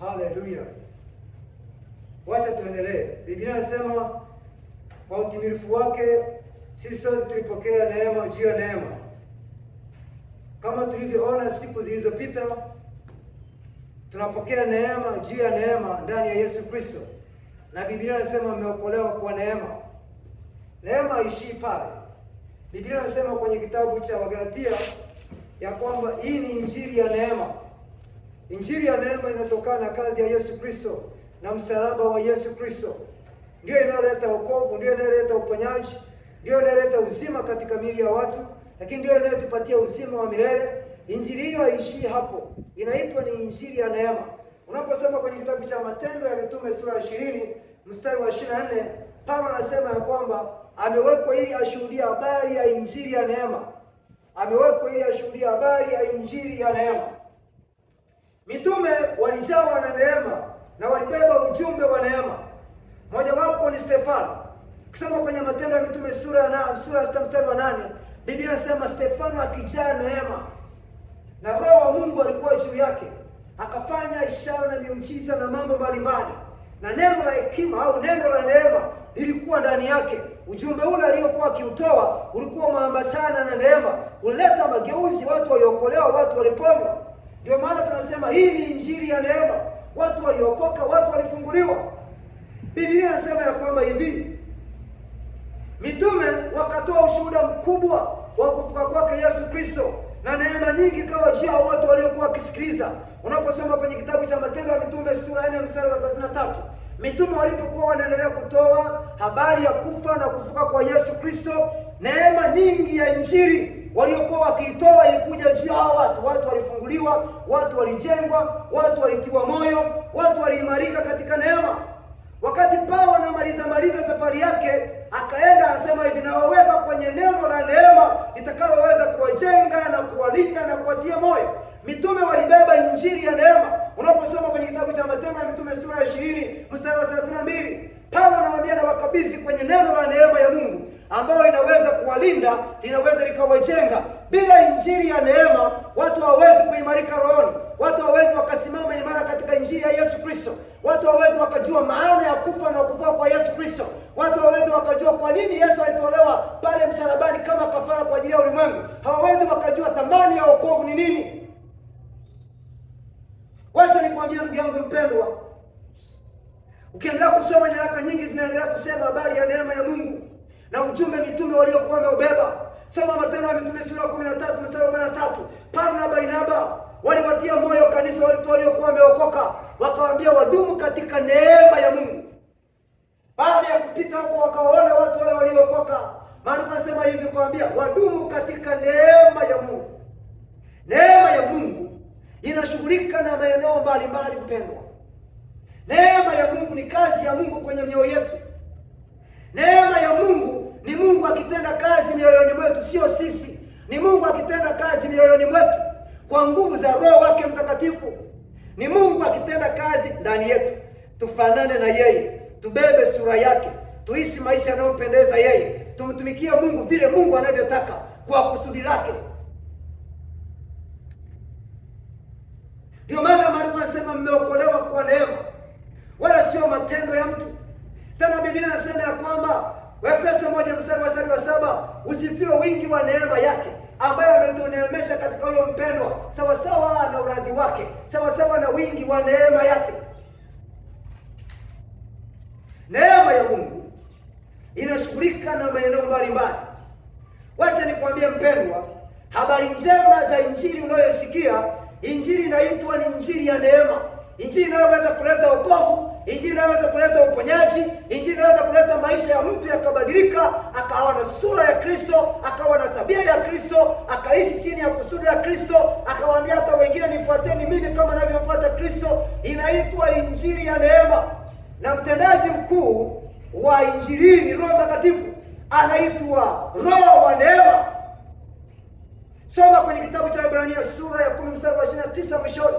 Haleluya, wacha tuendelee. Biblia inasema kwa utimilifu wake sisi sote tulipokea neema juu ya neema, kama tulivyoona siku zilizopita, tunapokea neema juu ya neema ndani ya Yesu Kristo, na Biblia inasema mmeokolewa kwa neema. Neema haishii pale. Biblia inasema kwenye kitabu cha Wagalatia ya kwamba hii ni injili ya neema. Injili ya neema inatokana na kazi ya Yesu Kristo na msalaba wa Yesu Kristo, ndiyo inayoleta wokovu, ndiyo inayoleta uponyaji, ndiyo inayoleta uzima katika miili ya watu, lakini ndiyo inayotupatia uzima wa milele. Injili hiyo haishii hapo, inaitwa ni injili ya neema. Unaposoma kwenye kitabu cha Matendo ya Mitume sura ya ishirini mstari wa 24, na nne Paulo anasema ya kwamba amewekwa ili ashuhudie habari ya injili ya neema, amewekwa ili ashuhudie habari ya injili ya neema. Mitume walijawa na neema na walibeba ujumbe wa neema. wapo ni Stefano. Ukisoma kwenye Matendo ya Mitume sura ya sura ya sita mstari wa nane Biblia inasema Stefano akijaa neema na Roho wa Mungu alikuwa juu yake, akafanya ishara na miujiza na mambo mbalimbali, na neno la hekima au neno la neema lilikuwa ndani yake. Ujumbe ule aliyokuwa akiutoa ulikuwa maambatana na neema, uleta mageuzi, watu waliokolewa, watu waliponywa. Ndio maana tunasema hii ni injili ya neema, watu waliokoka, watu walifunguliwa. Biblia inasema ya kwamba hivi mitume wakatoa ushuhuda mkubwa wa kufuka kwake Yesu Kristo, na neema nyingi ikawa juu ya wote waliokuwa wakisikiliza. Unaposoma kwenye kitabu cha Matendo ya Mitume sura ya 4 mstari wa 33, mitume walipokuwa wanaendelea kutoa habari ya kufa na kufuka kwa Yesu Kristo, neema nyingi ya injili waliokuwa wakiitoa ilikuja juu hao watu. Watu walifunguliwa, watu walijengwa, watu walitiwa moyo, watu waliimarika katika neema. Wakati Paulo anamaliza maliza safari yake, akaenda anasema hivi, nawaweka kwenye neno la neema litakayoweza kuwajenga na kuwalinda na kuwatia moyo. Mitume walibeba injili ya neema unapo waweze wakajua maana ya kufa na kufufuka kwa Yesu Kristo. Watu waweze wakajua kwa nini Yesu alitolewa pale msalabani kama kafara kwa ajili ya ulimwengu. Hawawezi wakajua thamani ya wokovu ni nini. Wacha nikwambie ndugu yangu mpendwa, ukiendelea kusoma nyaraka nyingi zinaendelea kusema habari ya neema ya Mungu na ujumbe mitume waliokuwa wameubeba. Soma Matendo ya Mitume sura ya 13 mstari wa Paulo na Barnaba waliwatia moyo kanisa waliokuwa wameokoka wakawambia wadumu katika neema ya Mungu. Baada ya kupita huko, wakawaona watu wale waliokoka, maana anasema hivi kawambia wadumu katika neema ya Mungu. Neema ya Mungu inashughulika na maeneo mbalimbali, mpendwa. Neema ya Mungu ni kazi ya Mungu kwenye mioyo yetu. Neema ya Mungu ni Mungu akitenda kazi mioyoni mwetu, sio sisi. Ni Mungu akitenda kazi mioyoni mwetu kwa nguvu za Roho wake Mtakatifu. Ni Mungu akitenda kazi ndani yetu, tufanane na yeye, tubebe sura yake, tuishi maisha yanayompendeza yeye, tumtumikie Mungu vile Mungu anavyotaka kwa kusudi lake. Ndio maana Maandiko yanasema mmeokolewa kwa neema, wala sio matendo ya mtu. Tena Biblia inasema ya kwamba Waefeso moja mstari wa saba usifiwe wingi wa neema yake ambaye ametuneemesha katika huyo mpendwa, sawasawa na uradhi wake, sawasawa na wingi wa neema yake. Neema ya Mungu inashughulika na maeneo mbalimbali. Wacha nikwambie mpendwa, habari njema za injili unayosikia, injili inaitwa ni injili ya neema, injili inayoweza kuleta wokovu Injili inaweza kuleta uponyaji, Injili inaweza kuleta maisha ya mtu yakabadilika, akawa na sura ya Kristo, akawa na tabia ya Kristo, akaishi chini ya kusudi la Kristo, akawaambia hata wengine, nifuateni mimi kama navyofuata Kristo. Inaitwa Injili ya neema, na mtendaji mkuu wa injili ni Roho Mtakatifu, anaitwa Roho wa neema. Soma kwenye kitabu cha Ibrania sura ya 10 mstari wa 29 mwishoni,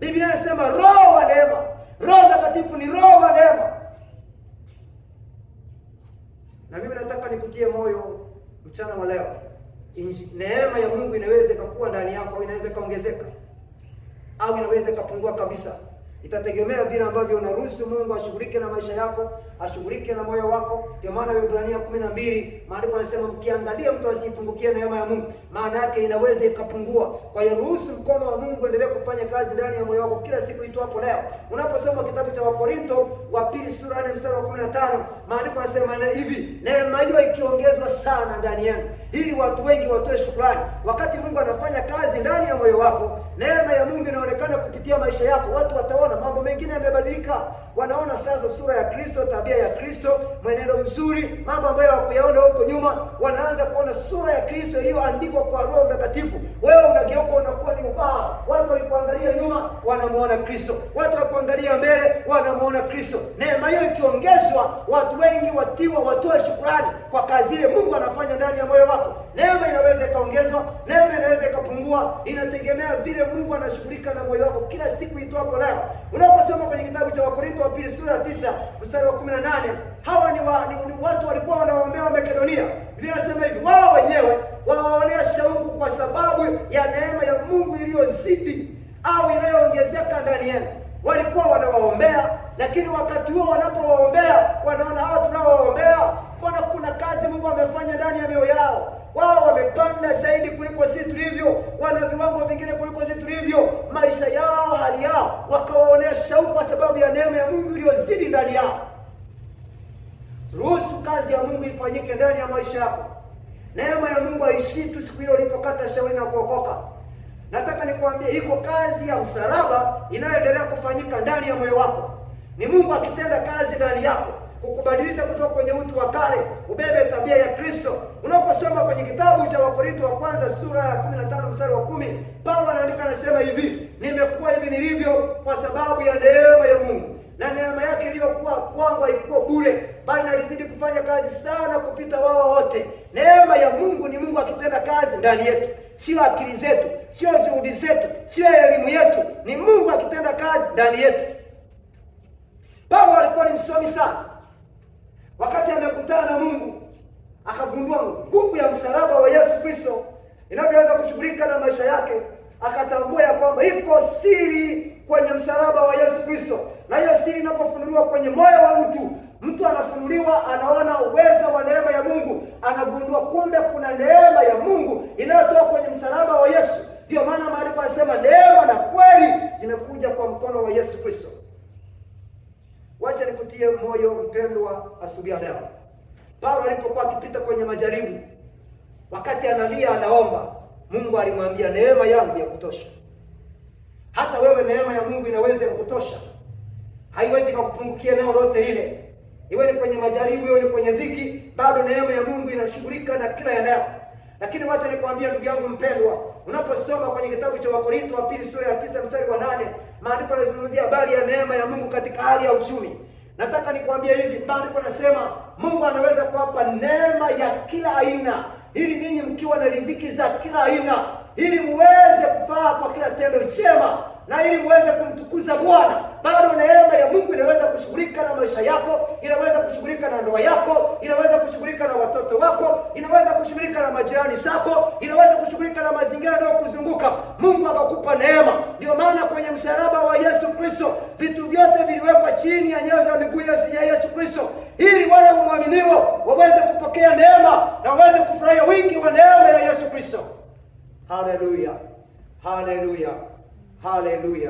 Biblia inasema Roho wa neema Mtakatifu ni roho wa neema. Na mimi nataka nikutie moyo mchana wa leo, neema ya Mungu inaweza ikakuwa ndani yako, inaweza ikaongezeka au inaweza ikapungua kabisa. Itategemea vile ambavyo unaruhusu Mungu ashughulike na maisha yako, ashughulike na moyo wako. Ndio maana Waebrania kumi na mbili maandiko anasema mkiangalia mtu asipungukie neema ya Mungu, maana yake inaweza ikapungua. Kwa hiyo ruhusu mkono wa Mungu endelee kufanya kazi ndani ya moyo wako kila siku itwapo leo. Unaposoma kitabu cha Wakorinto wa pili sura ya mstari wa kumi na tano maandiko anasema na hivi, neema hiyo ikiongezwa sana ndani yenu ili watu wengi watoe shukrani. Wakati Mungu anafanya kazi ndani ya moyo wako, neema ya Mungu inaonekana kupitia maisha yako. Watu wataona mambo mengine yamebadilika, wanaona sasa sura ya Kristo, tabia ya Kristo, mwenendo mzuri, mambo ambayo hawakuyaona huko nyuma, wanaanza kuona sura ya Kristo iliyoandikwa kwa Roho Mtakatifu. Wewe unageuka unakuwa ni ubaa. Watu walipoangalia nyuma wanamwona Kristo, watu walipoangalia mbele wanamwona Kristo. Neema hiyo ikiongezwa, watu wengi watiwa watoe shukurani kwa kazi ile Mungu anafanya ndani ya moyo wako. Neema inaweza ikaongezwa, neema inaweza ikapungua, inategemea vile Mungu anashughulika na moyo wako kila siku itwapo leo. Unaposoma kwenye kitabu cha Wakorintho wa pili sura ya 9 mstari wa 18 hawa ni, wa, ni, ni watu walikuwa wanaombea wa Makedonia. Biblia inasema hivi, wao wenyewe wawaonea shauku kwa sababu ya neema ya Mungu iliyozidi au inayoongezeka ndani yenu. Walikuwa wanawaombea, lakini wakati huo wanapowaombea wanaona hawa tunaowaombea, mbona kuna kazi Mungu amefanya ndani ya mioyo yao wao wamepanda zaidi kuliko sisi tulivyo, wana viwango vingine kuliko sisi tulivyo, maisha yao, hali yao, wakawaonea shauku kwa sababu ya neema ya Mungu iliyozidi ndani yao. Ruhusu kazi ya Mungu ifanyike ndani ya maisha yako. Neema ya Mungu haishii tu siku hiyo ulipokata shauri na kuokoka. Nataka nikuambie iko kazi ya msalaba inayoendelea kufanyika ndani ya moyo wako. Ni Mungu akitenda kazi ndani yako kukubadilisha kutoka kwenye utu wa kale, ubebe tabia ya Kristo. Unaposoma kwenye kitabu cha Wakorintho wa kwanza sura ya 15 mstari wa kumi, Paulo anaandika anasema hivi, nimekuwa hivi nilivyo kwa sababu ya neema ya Mungu, na neema yake iliyokuwa kwangu haikuwa bure bali nalizidi kufanya kazi sana kupita wao wote. Neema ya Mungu ni Mungu akitenda kazi ndani yetu, sio akili zetu, sio juhudi zetu, sio elimu yetu, ni Mungu akitenda kazi ndani yetu. Paulo alikuwa ni msomi sana. Wakati amekutana na Mungu akagundua nguvu ya msalaba wa Yesu Kristo inavyoweza kushughulika na maisha yake, akatambua ya kwamba iko siri kwenye msalaba wa Yesu Kristo, na hiyo siri inapofunuliwa kwenye moyo wa mtu Mtu anafunuliwa, anaona uwezo wa neema ya Mungu, anagundua kumbe kuna neema ya Mungu inayotoka kwenye msalaba wa Yesu. ndio maana maandiko yanasema neema na kweli zimekuja kwa mkono wa Yesu Kristo. Wacha nikutie moyo mpendwa, asubuhi leo. Paulo alipokuwa akipita kwenye majaribu, wakati analia anaomba, Mungu alimwambia neema yangu ya kutosha. Hata wewe neema ya Mungu inaweza kukutosha, haiwezi kukupungukia eneo lote lile iwe ni kwenye majaribu, iwe ni kwenye dhiki, bado neema ya Mungu inashughulika na kila eneo. Lakini wacha nikwambie ndugu yangu mpendwa, unaposoma kwenye kitabu cha Wakorintho wa pili sura ya tisa mstari wa nane maandiko yanazungumzia habari ya neema ya Mungu katika hali ya uchumi. Nataka nikwambie hivi, maandiko yanasema Mungu anaweza kuwapa neema ya kila aina, ili ninyi mkiwa na riziki za kila aina, ili muweze kufaa kwa kila tendo jema na ili muweze kumtukuza Bwana. Bado neema ya Mungu inaweza kushughulika na maisha yako inaweza kushughulika na ndoa yako, inaweza kushughulika na watoto wako, inaweza kushughulika na majirani zako, inaweza kushughulika na mazingira yanayokuzunguka. Mungu akakupa neema. Ndio maana kwenye msalaba wa Yesu Kristo vitu vyote viliwekwa chini ya nyayo za miguu ya Yesu Kristo, ili wale wamwaminio waweze kupokea neema na waweze kufurahia wingi wa neema ya Yesu Kristo. Haleluya, haleluya, haleluya.